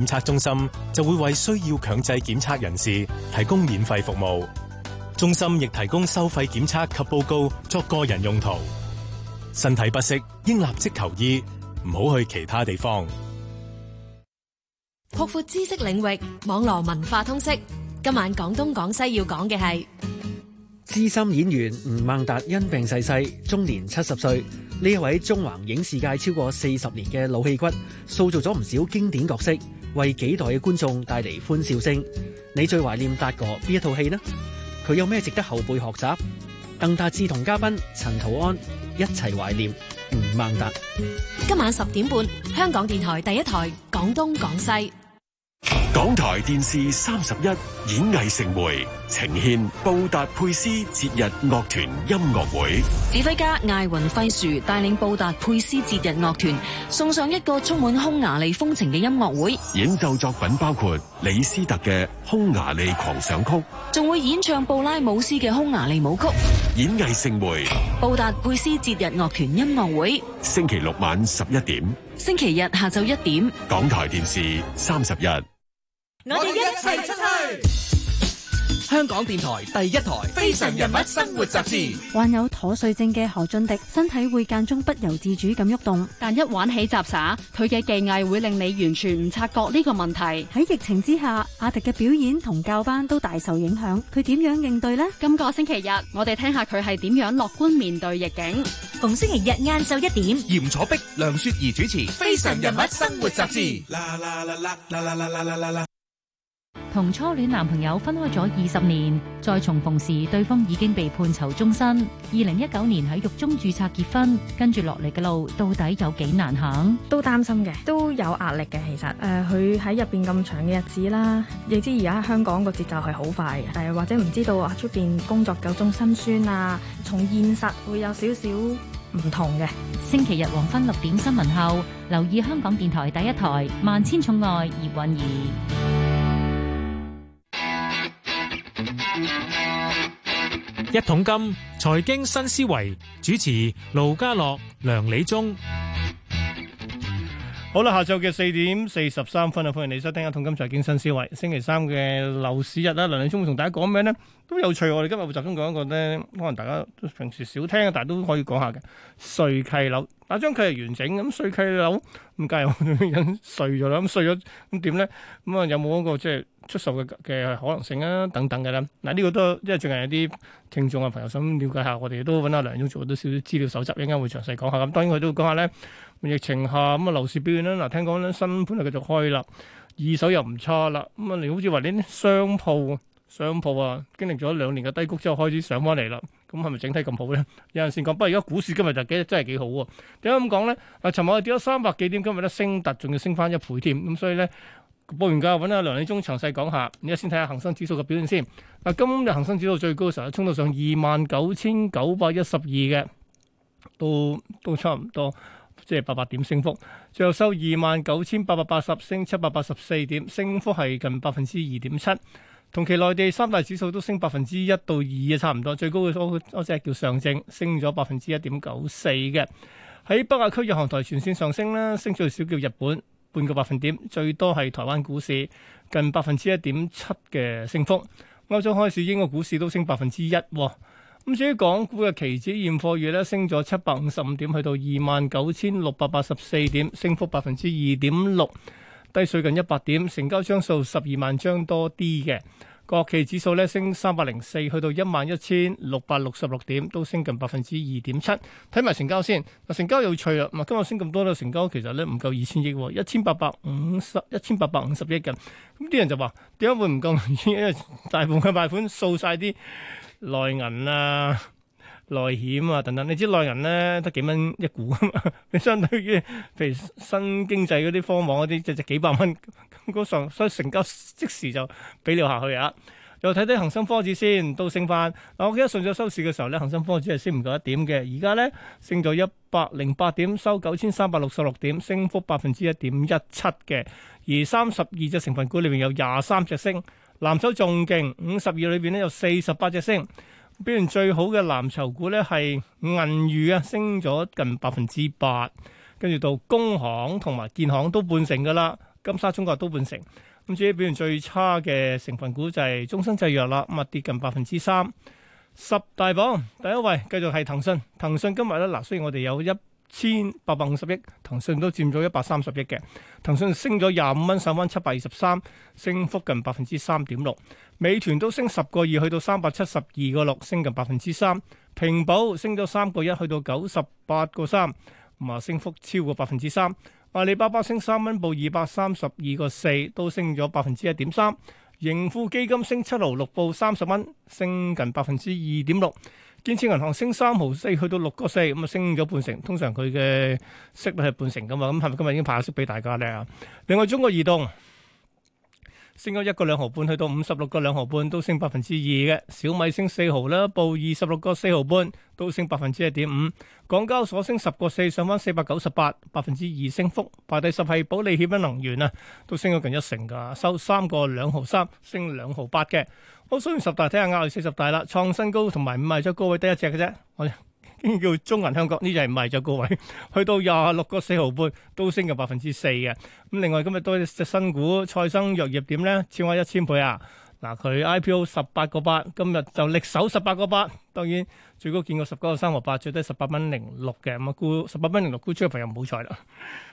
檢測中心就會為需要強制檢測人士提供免費服務，中心亦提供收費檢測及報告作個人用途。身體不適應立即求醫，唔好去其他地方。擴闊知識領域，網絡文化通識。今晚廣東廣西要講嘅係資深演員吳孟達因病逝世終年七十歲。呢一位縱橫影視界超過四十年的老戲骨塑造咗唔少經典角色為幾代嘅觀眾帶嚟歡笑聲，你最懷念達哥邊一套戲呢？佢有咩值得後輩學習？鄧達志同嘉賓陳圖安一齊懷念吳孟達。今晚十點半，香港電台第一台廣東廣西。港台電視三十一演藝盛會，呈獻布達佩斯節日樂團音樂會。指揮家艾雲輝殊帶領布達佩斯節日樂團送上一個充滿匈牙利風情嘅音樂會。演奏作品包括李斯特嘅《匈牙利狂想曲》，仲會演唱布拉姆斯嘅《匈牙利舞曲》。演藝盛會，布達佩斯節日樂團音樂會。星期六晚十一點，星期日下晝一點。港台電視三十一。我哋一齊出去！香港電台第一台《非常人物生活雜誌》患有妥瑞症嘅何俊迪，身體會間中不由自主咁喐動，但一玩起雜耍，佢嘅技藝會令你完全唔察覺呢個問題。喺疫情之下，阿迪嘅表演同教班都大受影響，佢點樣應對呢？今個星期日，我哋聽下佢係點樣樂觀面對逆境。逢星期日晏晝一點，嚴楚碧、梁雪怡主持《非常人物生活雜誌》。同初戀男朋友分開咗二十年，再重逢時，對方已經被判囚終身。二零一九年喺獄中注冊結婚，跟住落嚟嘅路到底有幾難行？都擔心嘅，都有壓力嘅。其實，誒、呃，佢喺入邊咁長嘅日子啦，亦知而家香港個節奏係好快嘅，但或者唔知道啊，出邊工作夠鐘心酸啊，從現實會有少少唔同嘅。星期日黃昏六點新聞後，留意香港電台第一台《萬千寵愛葉韻儀》葉韻。一桶金財經新思維，主持盧家樂、梁李忠。好啦，下晝嘅四點四十三分啊，歡迎你收聽一桶金財經新思維。星期三嘅樓市日啦，梁李忠會同大家講咩咧？都有趣。我哋今日會集中講一個咧，可能大家平時少聽，但係都可以講下嘅碎契樓。啊，張契係完整咁，碎契樓咁，梗係有人碎咗啦。咁碎咗咁點咧？咁啊，有冇一個即係出售嘅嘅可能性啊？等等嘅咧。嗱，呢個都因為最近有啲聽眾啊朋友想了解下，我哋都揾阿梁總做咗少少資料蒐集，一陣間會詳細講下。咁當然佢都會講下咧，疫情下咁啊，樓市表現咧。嗱，聽講咧，新盤係繼續開啦，二手又唔差啦。咁啊，你好似話啲商鋪、商鋪啊，經歷咗兩年嘅低谷之後，開始上翻嚟啦。咁係咪整體咁好咧？有人先講，不過而家股市今日就幾真係幾好喎？點解咁講咧？啊，尋日跌咗三百幾點，今日咧升達，仲要升翻一倍添。咁所以咧，報完價揾阿梁理忠詳細講下。而家先睇下恒生指數嘅表現先。嗱，今日恒生指數最高嘅時候，衝到上二萬九千九百一十二嘅，都都差唔多，即係八百點升幅。最後收二萬九千八百八十，升七百八十四點，升幅係近百分之二點七。同期內地三大指數都升百分之一到二差唔多，最高嘅都只係叫上證，升咗百分之一點九四嘅。喺北亞區日航台全線上升咧，升最少叫日本半個百分點，最多係台灣股市近百分之一點七嘅升幅。歐洲開市，英國股市都升百分之一。咁至於港股嘅期指現貨月咧，升咗七百五十五點，去到二萬九千六百八十四點，升幅百分之二點六。低水近一百點，成交張數十二萬張多啲嘅，國企指數咧升三百零四，去到一萬一千六百六十六點，都升近百分之二點七。睇埋成交先，成交有趣啊！今日升咁多咧，成交其實咧唔夠二千億喎，一千八百五十一千八百五十億咁咁啲人就話點解會唔夠？因為大部分嘅賣款掃晒啲內銀啊！內險啊，等等，你知內人咧得幾蚊一股啊嘛？你相對於譬如新經濟嗰啲科網嗰啲，只值幾百蚊咁高上，所以成交即時就俾了下去啊！又睇睇恒生科指先，都升翻嗱，我記得上咗收市嘅時候咧，恒生科指係升唔夠一點嘅，而家咧升到一百零八點，收九千三百六十六點，升幅百分之一點一七嘅。而三十二隻成分股裏邊有廿三隻升，藍籌仲勁，五十二裏邊咧有四十八隻升。表現最好嘅藍籌股呢，係銀娛啊，升咗近百分之八，跟住到工行同埋建行都半成噶啦，金沙中國都半成。咁至於表現最差嘅成分股就係中生製藥啦，咁啊，跌近百分之三。十大榜第一位繼續係騰訊，騰訊今日咧嗱，雖然我哋有一千八百五十億，騰訊都佔咗一百三十億嘅。騰訊升咗廿五蚊，收翻七百二十三，升幅近百分之三點六。美團都升十個二，去到三百七十二個六，升近百分之三。平保升咗三個一，去到九十八個三，咁啊，升幅超過百分之三。阿里巴巴升三蚊，報二百三十二個四，都升咗百分之一點三。盈富基金升七毫六，報三十蚊，升近百分之二點六。建設銀行升三毫四，去到六個四，咁啊，升咗半成。通常佢嘅息率係半成噶嘛，咁係咪今日已經派咗息俾大家咧？另外中國移動。升咗一個兩毫半，去到五十六個兩毫半，都升百分之二嘅。小米升四毫啦，報二十六個四毫半，都升百分之一點五。港交所升十個四，上翻四百九十八，百分之二升幅。排第十係保利協鑫能源啊，都升咗近一成噶，收三個兩毫三，升兩毫八嘅。好，數完十大，睇下亞係四十大啦，創新高同埋五位最高位得一隻嘅啫。叫中銀香港呢？就係賣咗個位，去到廿六個四毫半都升咗百分之四嘅。咁另外今日多隻新股，賽生藥業點咧？超過一千倍啊！嗱，佢 IPO 十八個八，今日就力守十八個八。當然最高見過十九個三毫八，最低十八蚊零六嘅咁啊。沽十八蚊零六沽出嘅朋友又唔好彩啦。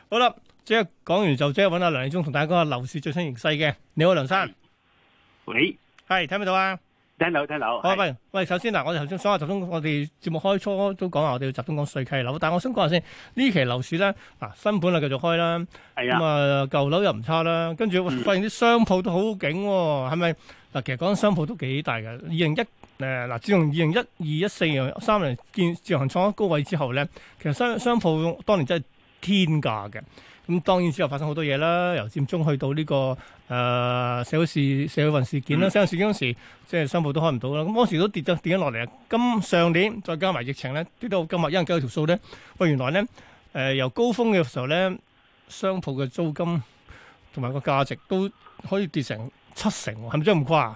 好啦，即係講完就即刻搵阿梁志忠同大家講下樓市最新形勢嘅。你好，梁生。喂。係聽唔聽到啊？聽樓、聽樓、哦、喂喂喂，首先嗱，我哋頭先講話集中，我哋節目開初都講話，我哋要集中講稅契樓。但係我想講下先，呢期樓市咧，嗱、啊、新盤啊繼續開啦，咁啊、嗯、舊樓又唔差啦，跟住發現啲商鋪都好勁，係咪嗱？其實講商鋪都幾大嘅。二零一誒嗱，自從二零一二一四年三年建自行創咗高位之後咧，其實商商鋪當年真係天價嘅。咁當然之後發生好多嘢啦，由佔中去到呢個誒社會事社會運事件啦。社會事件嗰時，即係商鋪都開唔到啦。咁嗰時都跌咗跌咗落嚟啊。今上年再加埋疫情咧，跌到今日一蚊九毫條數咧。喂！原來咧誒由高峰嘅時候咧，商鋪嘅租金同埋個價值都可以跌成七成，係咪真係咁誇？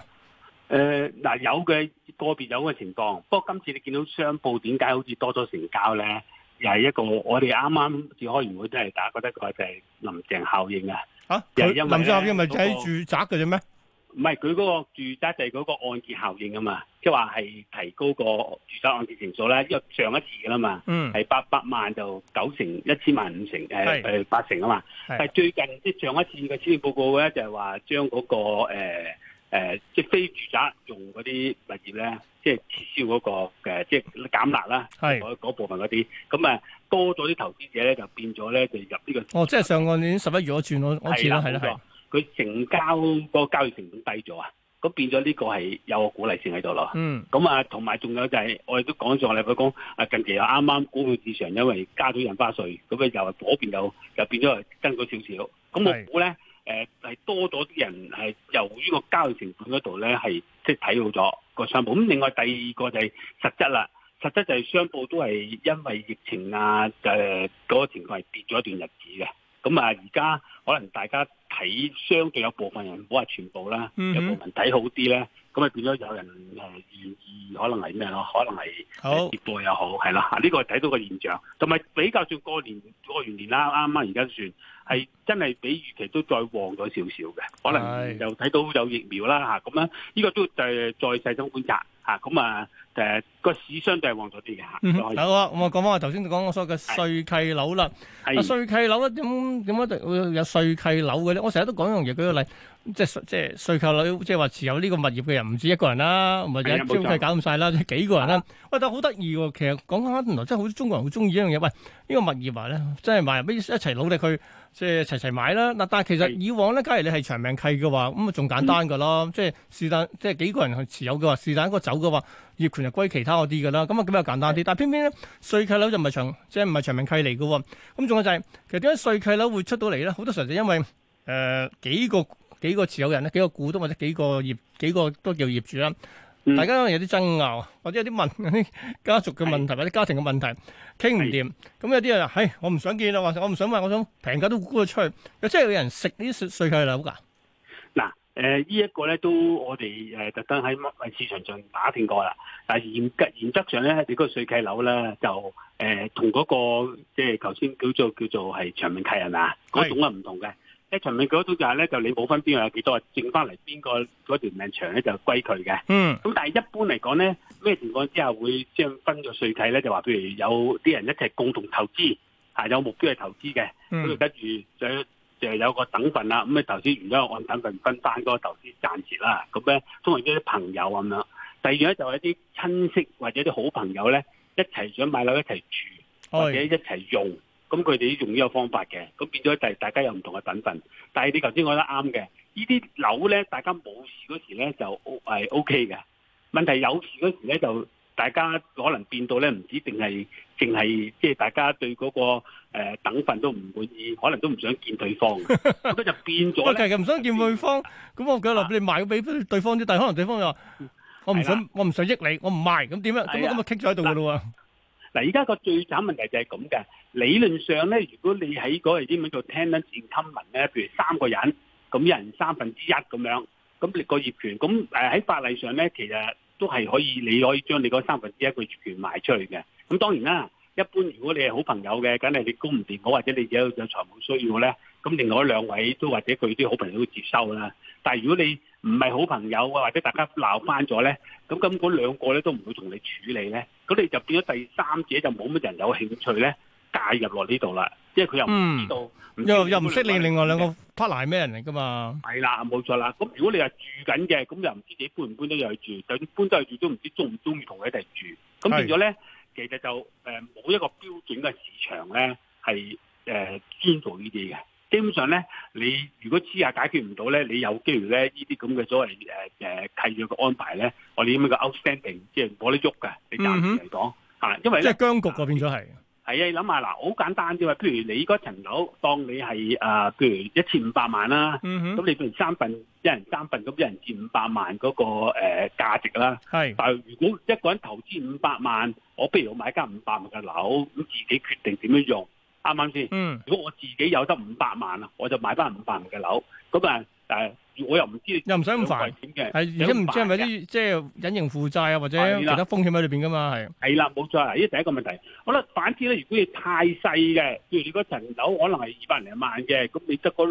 誒嗱，有嘅個別有嘅情況。不過今次你見到商鋪點解好似多咗成交咧？又係一個，我哋啱啱至開完會都係打，覺得佢就係林鄭效應啊！嚇，林鄭效應咪就係住宅嘅啫咩？唔係，佢嗰個住宅就係嗰個按揭效應啊嘛，即係話係提高個住宅按揭成數咧，因為上一次㗎啦嘛，嗯，係八百萬就九成，一千萬五成，誒、呃、八成啊嘛，係最近即、係上一次嘅資料報告咧、那個，就係話將嗰個誒、呃，即係非住宅用嗰啲物業咧，即係撤銷嗰個即係減納啦，係嗰部分嗰啲，咁啊多咗啲投資者咧，就變咗咧就入呢、這個哦，即係上個年十一月我轉我我次啦，係啦，係啦，佢成交嗰、那個交易成本低咗啊，咁變咗呢個係有個鼓勵性喺度咯，嗯，咁啊同埋仲有就係我哋都講咗，我哋會講啊，近期又啱啱股票市場因為加咗印花稅，咁啊又嗰邊又又變咗跟咗少少，咁我估咧。誒係多咗啲人，係由於個交易成本嗰度咧，係即係睇好咗個商鋪，咁另外第二個就係實質啦，實質就係商鋪都係因為疫情啊，誒嗰個情況係跌咗一段日子嘅，咁啊而家可能大家睇相對有部分人，唔好話全部啦，有部分睇好啲咧。咁咪變咗有人誒願意，可能係咩咯？可能係跌波又好，係啦。呢個睇到個現象，同埋比較算過年過完年啦，啱啱而家算係真係比預期都再旺咗少少嘅，可能又睇到有疫苗啦。咁呢個都係再細心觀察。吓咁啊，誒，個市相對係旺咗啲嘅吓。好啊，咁啊講翻我頭先講我所謂嘅稅契樓啦，係稅契樓咧點點解會有稅契樓嘅咧？我成日都講一樣嘢，舉個例，即係即係稅契樓，即係話持有呢個物業嘅人唔止一個人啦，或者有中介搞咁晒啦，即係幾個人啦。喂、啊啊，但好得意喎，其實講緊原來真係好中國人好中意一樣嘢，喂、哎、呢、這個物業賣、啊、咧，真係賣俾一齊努力佢。即係齊齊買啦，嗱但係其實以往咧，假如你係長命契嘅話，咁啊仲簡單噶啦、嗯，即係是但即係幾個人係持有嘅話，是但一個走嘅話，業權就歸其他嗰啲噶啦，咁啊比較簡單啲。但偏偏咧，稅契樓就唔係長，即係唔係長命契嚟嘅喎。咁仲有就係、是、其實點解稅契樓會出到嚟咧？好多時候就因為誒、呃、幾個幾個持有人咧，幾個股東或者幾個業幾個都叫業主啦。嗯、大家可能有啲爭拗，或者有啲問啲家族嘅問題或者家庭嘅問題傾唔掂，咁有啲人啊，唉、哎，我唔想見啦，或者我唔想問，我想平價都沽咗出去。又真係有人食、呃這個、呢啲碎契樓噶？嗱，誒，呢一個咧都我哋誒特登喺誒市場上打聽過啦。但係嚴格原則上咧，你嗰個碎契樓咧就誒同嗰個即係頭先叫做叫做係長命契係啊？嗰種啊唔同嘅。喺長命嗰度就係咧，就你冇分邊個有幾多，剩翻嚟邊個嗰條命長咧，就歸佢嘅。嗯，咁但係一般嚟講咧，咩情況之下會將分咗稅契咧，就話譬如有啲人一齊共同投資，係有目標去投資嘅，咁跟住就有個等份啦。咁啊投資如果後按等份分翻嗰個投資賺錢啦。咁咧，通常啲朋友咁樣。第二咧就係啲親戚或者啲好朋友咧一齊想買樓一齊住或者一齊用。Oh, yeah. 咁佢哋都用呢個方法嘅，咁變咗就大家有唔同嘅等份。但係你頭先講得啱嘅，呢啲樓咧，大家冇事嗰時咧就係 OK 嘅。問題有事嗰時咧，就大家可能變到咧唔止定係淨係即係大家對嗰個誒等份都唔滿意，可能都唔想見對方。咁就變咗，唔想見對方。咁我咁啊，你賣俾對方啫，但係可能對方又我唔想我唔想益你，我唔賣，咁點啊？咁啊咁啊，傾咗喺度嘅啦喎。嗱，而家個最慘問題就係咁嘅。理論上咧，如果你喺嗰啲叫做，tenancy in common 咧，譬如三個人，咁一人三分之一咁樣，咁你個業權，咁誒喺法例上咧，其實都係可以，你可以將你嗰三分之一個業權賣出去嘅。咁當然啦，一般如果你係好朋友嘅，梗係你供唔掂我，或者你有有財務需要咧，咁另外兩位都或者佢啲好朋友都接收啦。但係如果你唔係好朋友啊，或者大家鬧翻咗咧，咁咁嗰兩個咧都唔會同你處理咧，咁你就變咗第三者就冇乜人有興趣咧。介入落呢度啦，即係佢又唔知道，嗯知道搬來搬來搬嗯、又又唔識你另外兩個 partner 係咩人嚟噶嘛？係啦，冇錯啦。咁如果你係住緊嘅，咁又唔知自己搬唔搬得入去住，就算搬得去住都唔知中唔中意同佢一齊住。咁變咗咧，其實就誒冇、呃、一個標準嘅市場咧係誒專做呢啲嘅。基本上咧，你如果私下解決唔到咧，你有機會咧呢啲咁嘅所謂誒誒、呃、契約嘅安排咧，我哋咁樣嘅 outstanding、嗯、即係冇得喐嘅。你暫時嚟講吓，因為即係僵局嗰邊咗係。係啊，你諗下嗱，好簡單啫嘛。譬如你嗰層樓，當你係誒、呃，譬如一千五百萬啦，咁你譬如三份，一人三份，咁一人佔五百萬嗰、那個誒、呃、價值啦。係，但係如果一個人投資五百萬，我不如我買間五百萬嘅樓，咁自己決定點樣用，啱啱先？如果我自己有得五百萬啊，我就買翻五百萬嘅樓，咁啊。誒，我又唔知，又唔使咁煩嘅。係，而家唔知係咪啲即係隱形負債啊，或者其他風險喺裏邊噶嘛？係。係啦，冇錯啊！依第一個問題，好啦，反之咧，如果你太細嘅，譬如你嗰層樓可能係二百零萬嘅，咁你得個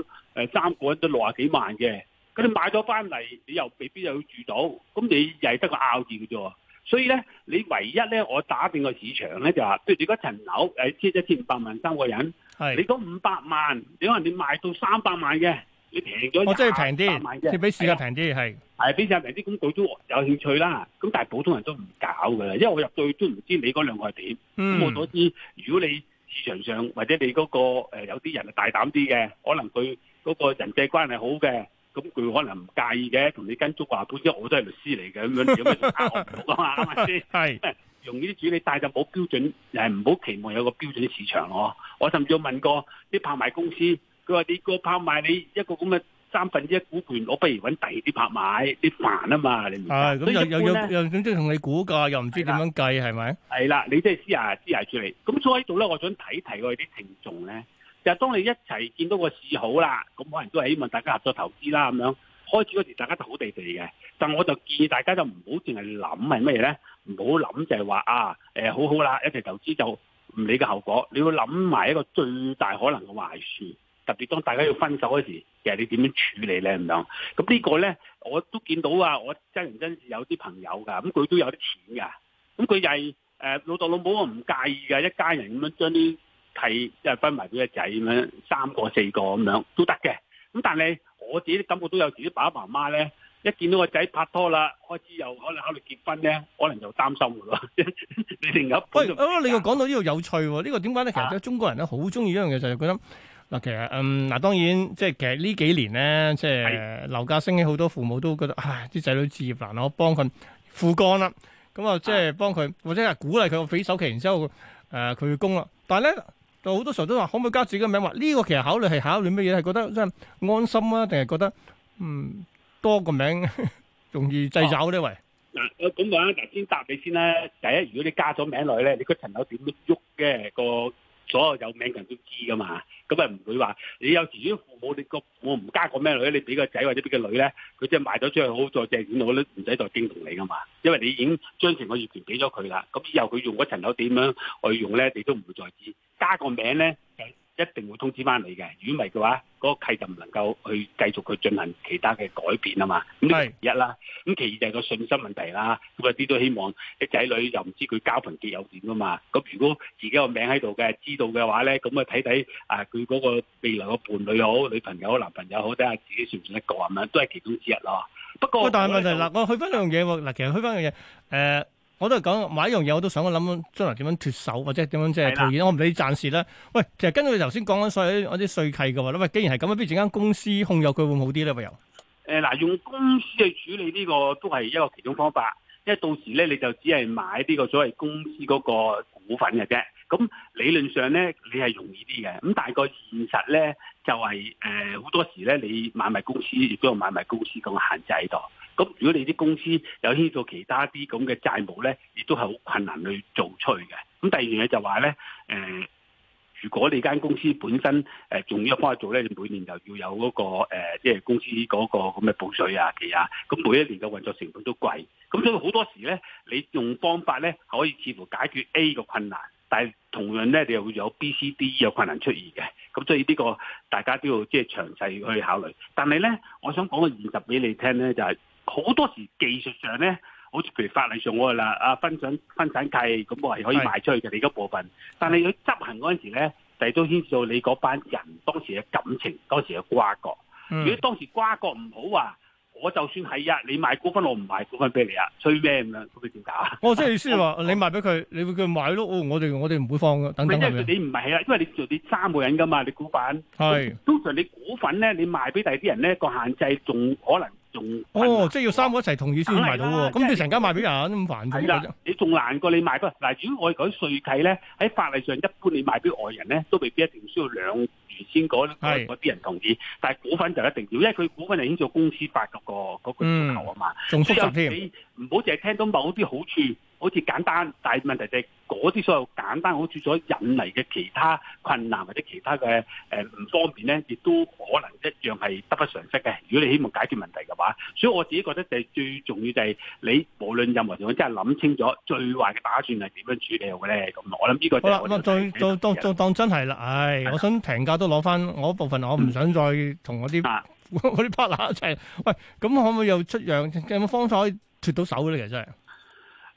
三個人都六十幾萬嘅，咁你買咗翻嚟，你又未必又要住到，咁你又係得個拗字嘅啫。所以咧，你唯一咧，我打斷個市場咧、就話，就係譬如你嗰層樓誒，千一千五百萬三個人，係你講五百萬，你可能你賣到三百萬嘅？你平咗，我真係平啲，即係比市價平啲，係係比市價平啲，咁佢都有興趣啦。咁但係普通人都唔搞㗎啦，因為我入對都唔知你嗰兩個係點。咁、嗯、我所知，如果你市場上或者你嗰、那個、呃、有啲人係大膽啲嘅，可能佢嗰個人際關係好嘅，咁佢可能唔介意嘅，同你跟足話。本身我都係律師嚟嘅，咁 樣我我 有咩爭學唔到啊嘛？係咪先？係用呢啲主，你帶就冇標準，誒唔好期望有個標準市場咯、啊。我甚至問過啲拍賣公司。佢話：你個拍賣，你一個咁嘅三分之一股權，我不如揾第二啲拍賣啲煩啊嘛。你唔係咁又又又咁即同你估價，又唔知點樣計係咪？係啦，你即係私下私下處理。咁所以喺度咧，我想提提我哋啲聽眾咧。就係當你一齊見到個市好啦，咁啲人都係希望大家合作投資啦。咁樣開始嗰時候大家都好地地嘅，但我就建議大家就唔好淨係諗係乜嘢咧，唔好諗就係話啊誒、呃，好好啦，一齊投資就唔理個後果。你要諗埋一個最大可能嘅壞處。特別當大家要分手嗰時，其實你點樣處理咧咁樣？咁呢個咧，我都見到啊！我真人真事有啲朋友㗎，咁佢都有啲錢㗎，咁佢就係誒老豆老母我唔介意㗎。一家人咁樣將啲契即係分埋俾個仔咁樣，三個四個咁樣都得嘅。咁但係我自己感覺都有自己爸爸媽媽咧，一見到個仔拍拖啦，開始又可能考慮結婚咧，可能就擔心㗎咯。你成日喂哦，你又講到呢個有趣喎？呢個點解咧？其實中國人咧好中意一樣嘢，就係覺得。嗱、嗯，其實嗯，嗱當然即係其實呢幾年咧，即係樓價升起，好多父母都覺得，唉，啲仔女置業難，我幫佢負幹啦，咁啊即係幫佢，或者係鼓勵佢個俾首期然之後，誒、呃、佢去供啦。但係咧，好多時候都話，可唔可以加自己嘅名字？話呢個其實考慮係考慮乜嘢？係覺得真安心啊，定係覺得嗯多個名 容易掣肘呢喂？嗱、啊，咁樣嗱，先答你先啦。第一，如果你加咗名落去咧，你個層樓點都喐嘅，個所有有名人都知噶嘛。咁啊唔會話，你有時啲父母你個我唔加個咩女，你俾個仔或者俾個女咧，佢即係賣咗出去好，再借錢落都唔使再驚動你噶嘛，因為你已經將成個業權俾咗佢啦。咁以後佢用嗰層樓點樣去用咧，你都唔會再知。加個名咧。嗯一定會通知翻你嘅，如果唔係嘅話，嗰、嗰個契就唔能夠去繼續去進行其他嘅改變啊嘛。咁係一啦，咁其二就係個信心問題啦。咁啊，啲都希望啲仔女又唔知佢交朋結友點噶嘛。咁如果自己個名喺度嘅，知道嘅話咧，咁啊睇睇啊佢嗰個未來個伴侶好，女朋友好、男朋友好，睇下自己算唔算得過咁嘛，都係其中之一咯。不過，但係問題嗱，我去翻兩樣嘢喎。嗱，其實去翻兩樣嘢，誒、呃。我都係講買一樣嘢，我都想我諗將來點樣脫手，或者點樣即係套現，我唔理會暫時咧。喂，其實跟住你頭先講緊所有啲稅契嘅話，咁喂，既然係咁，不如整間公司控有佢會，會好啲咧？喂，由？誒嗱，用公司去處理呢、呢個都係一個其中方法，因為到時咧你就只係買呢個所謂公司嗰個股份嘅啫。咁理論上咧你係容易啲嘅，咁但係個現實咧就係誒好多時咧你買埋公司，亦都有買埋公司咁限制喺度。咁如果你啲公司有牽涉其他啲咁嘅債務咧，亦都係好困難去做出去嘅。咁第二樣嘢就話咧、呃，如果你間公司本身誒要、呃、呢做咧，每年就要有嗰、嗰個即係、呃、公司嗰個咁嘅補稅啊嘅啊，咁每一年嘅運作成本都貴。咁所以好多時咧，你用方法咧，可以似乎解決 A 個困難，但係同樣咧，你又有 B、C、D、E 嘅困難出現嘅。咁所以呢個大家都要即係詳細去考慮。但係咧，我想講個現實俾你聽咧，就係、是。好多時技術上咧，好似譬如法例上我話啦，啊，分散分散計，咁我係可以賣出去嘅你嗰部分。但係佢執行嗰陣時咧，第都牽涉到你嗰班人當時嘅感情，當時嘅瓜葛。嗯、如果當時瓜葛唔好啊，我就算係啊，你賣股份我唔賣股份俾你啊，吹咩咁樣都唔知點解。我、哦、即係意思話， 你賣俾佢，你會叫佢買咯。哦，我哋我哋唔會放嘅。等等。你即你唔係啊，因為你做啲三個人噶嘛，你股份通常你股份咧，你賣俾第二啲人咧，個限制仲可能。哦，即係要三個一齊同意先賣到喎，咁你成間賣俾人咁、就是、煩啫，你仲難過你賣不？嗱，如果我哋講稅契咧，喺法例上一般你賣俾外人咧，都未必一定需要兩原先嗰啲人同意，但係股份就一定要，因為佢股份係牽涉公司法嗰、嗰個嗰、嗯嗰個要求啊嘛，仲複雜添。唔好淨係聽到某啲好處。好似簡單，但係問題就係嗰啲所有簡單，好似所引嚟嘅其他困難或者其他嘅誒唔方便咧，亦都可能一樣係得不償失嘅。如果你希望解決問題嘅話，所以我自己覺得就係最重要就係你無論任何情況，真係諗清楚最壞嘅打算係點樣處理好嘅咧。咁我諗呢個就我就好啦，再再再當當真係啦，唉、哎啊，我想平價都攞翻我部分，我唔想再同嗰啲嗰啲 partner 一齊。喂，咁可唔可以又出讓？有冇方法可以脫到手咧？其實真係。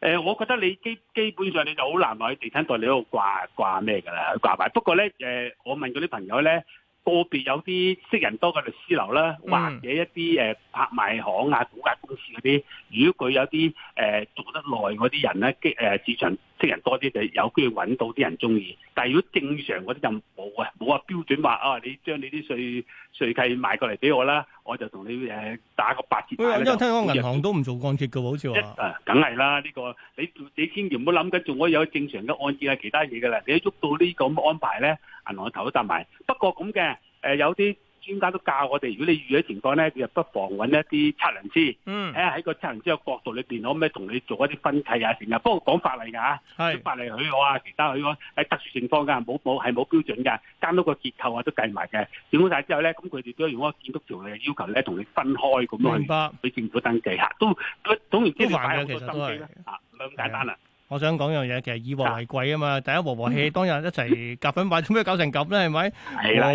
誒，我覺得你基基本上你就好難話喺地產代理嗰度掛掛咩㗎啦，掛牌。不過咧，誒，我問過啲朋友咧，個別有啲識人多嘅律師樓啦，或者一啲誒、呃、拍賣行啊、估價公司嗰啲，如果佢有啲誒、呃、做得耐嗰啲人咧，基誒資準。啲人多啲就有機會揾到啲人中意，但係如果正常嗰啲就冇啊，冇話標準話啊，你將你啲稅稅契賣過嚟俾我啦，我就同你誒打個八折。我、哎、聽講銀行都唔做按揭嘅喎，好似話，梗係啦，呢、呢個你你千祈唔好諗緊仲可以有正常嘅按揭啊，其他嘢嘅啦，你一喐到呢個咁嘅安排咧，銀行個頭都搭埋。不過咁嘅誒有啲。專家都教我哋，如果你遇咗情況咧，就不妨揾一啲測量師，睇下、嗯、喺個測量師嘅角度裏邊，可唔可以同你做一啲分契啊？成日，不過講法例㗎，法例許可啊，其他許可，喺特殊情況㗎，冇冇係冇標準㗎，監督個結構啊都計埋嘅，整好晒之後咧，咁佢哋都用個建築條例要求咧，同你分開咁樣，俾政府登記嚇，都總總言之，你擺好多心機啦，啊，兩簡單啦。我想講樣嘢，其實以和為貴啊嘛。大家和和氣氣當日一齊夾粉買，做咩搞成咁咧？係咪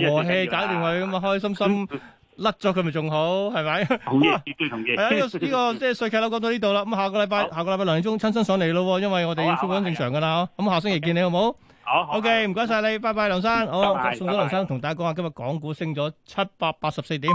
和和氣搞掂佢咁啊？開開心心甩咗佢咪仲好係咪？好嘢，呢對同嘢。係啊，呢個即係瑞契佬講到呢度啦。咁下個禮拜，下個禮拜兩點鐘親身上嚟咯。因為我哋要正常噶啦，咁下星期見你好冇？好 OK，唔該晒你，拜拜，梁生。好，送咗梁生同大家講下，今日港股升咗七百八十四點。